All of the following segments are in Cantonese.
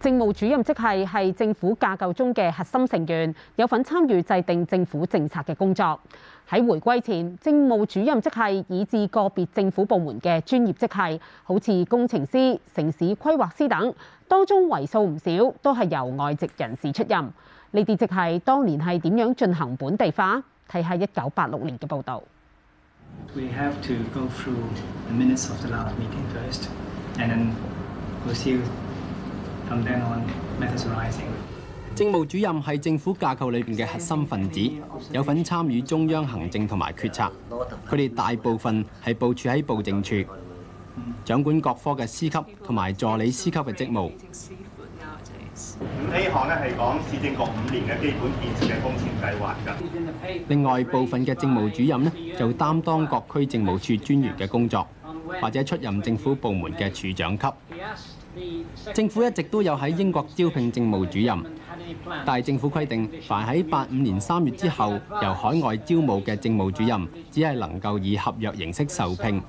政務主任職系係政府架構中嘅核心成員，有份參與制定政府政策嘅工作。喺回歸前，政務主任職系以至個別政府部門嘅專業職系，好似工程師、城市規劃師等，當中為數唔少都係由外籍人士出任。呢啲職系當年係點樣進行本地化？睇下一九八六年嘅報道。政務主任係政府架構裏邊嘅核心分子，有份參與中央行政同埋決策。佢哋大部分係部署喺部政處，掌管各科嘅司級同埋助理司級嘅職務。咁呢項呢係講市政局五年嘅基本建設嘅工程計劃㗎。另外，部分嘅政務主任呢就擔當各區政務處專員嘅工作，或者出任政府部門嘅處長級。政府一直都有喺英國招聘政務主任，但政府規定，凡喺八五年三月之後由海外招募嘅政務主任，只係能夠以合約形式受聘。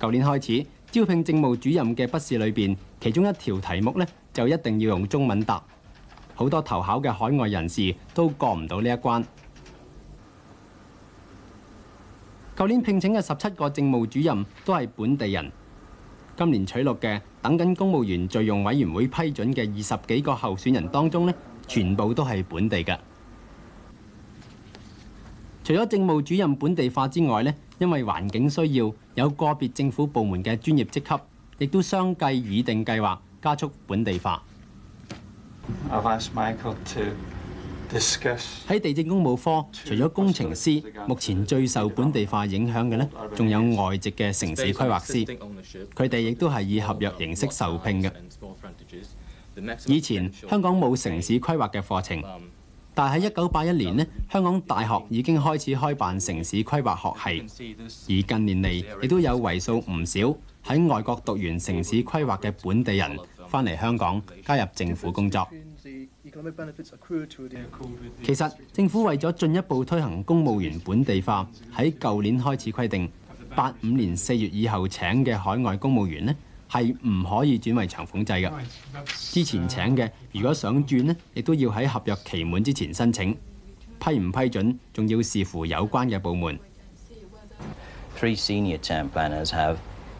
舊年開始，招聘政務主任嘅筆試裏邊，其中一條題目呢就一定要用中文答，好多投考嘅海外人士都過唔到呢一關。舊年聘請嘅十七個政務主任都係本地人。今年取錄嘅等緊公務員敘用委員會批准嘅二十幾個候選人當中呢，全部都係本地嘅。除咗政務主任本地化之外呢，因為環境需要，有個別政府部門嘅專業職級，亦都相繼擬定計劃加速本地化。喺地政工務科，除咗工程師，目前最受本地化影響嘅呢，仲有外籍嘅城市規劃師。佢哋亦都係以合約形式受聘嘅。以前香港冇城市規劃嘅課程，但喺一九八一年呢，香港大學已經開始開辦城市規劃學系，而近年嚟亦都有為數唔少喺外國讀完城市規劃嘅本地人，返嚟香港加入政府工作。其實政府為咗進一步推行公務員本地化，喺舊年開始規定，八五年四月以後請嘅海外公務員呢，係唔可以轉為長俸制嘅。之前請嘅，如果想轉呢，亦都要喺合約期滿之前申請，批唔批准，仲要視乎有關嘅部門。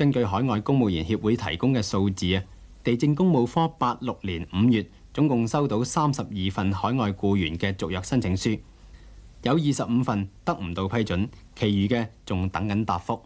根據海外公務員協會提供嘅數字啊，地政公務科八六年五月總共收到三十二份海外雇員嘅續約申請書，有二十五份得唔到批准，其餘嘅仲等緊答覆。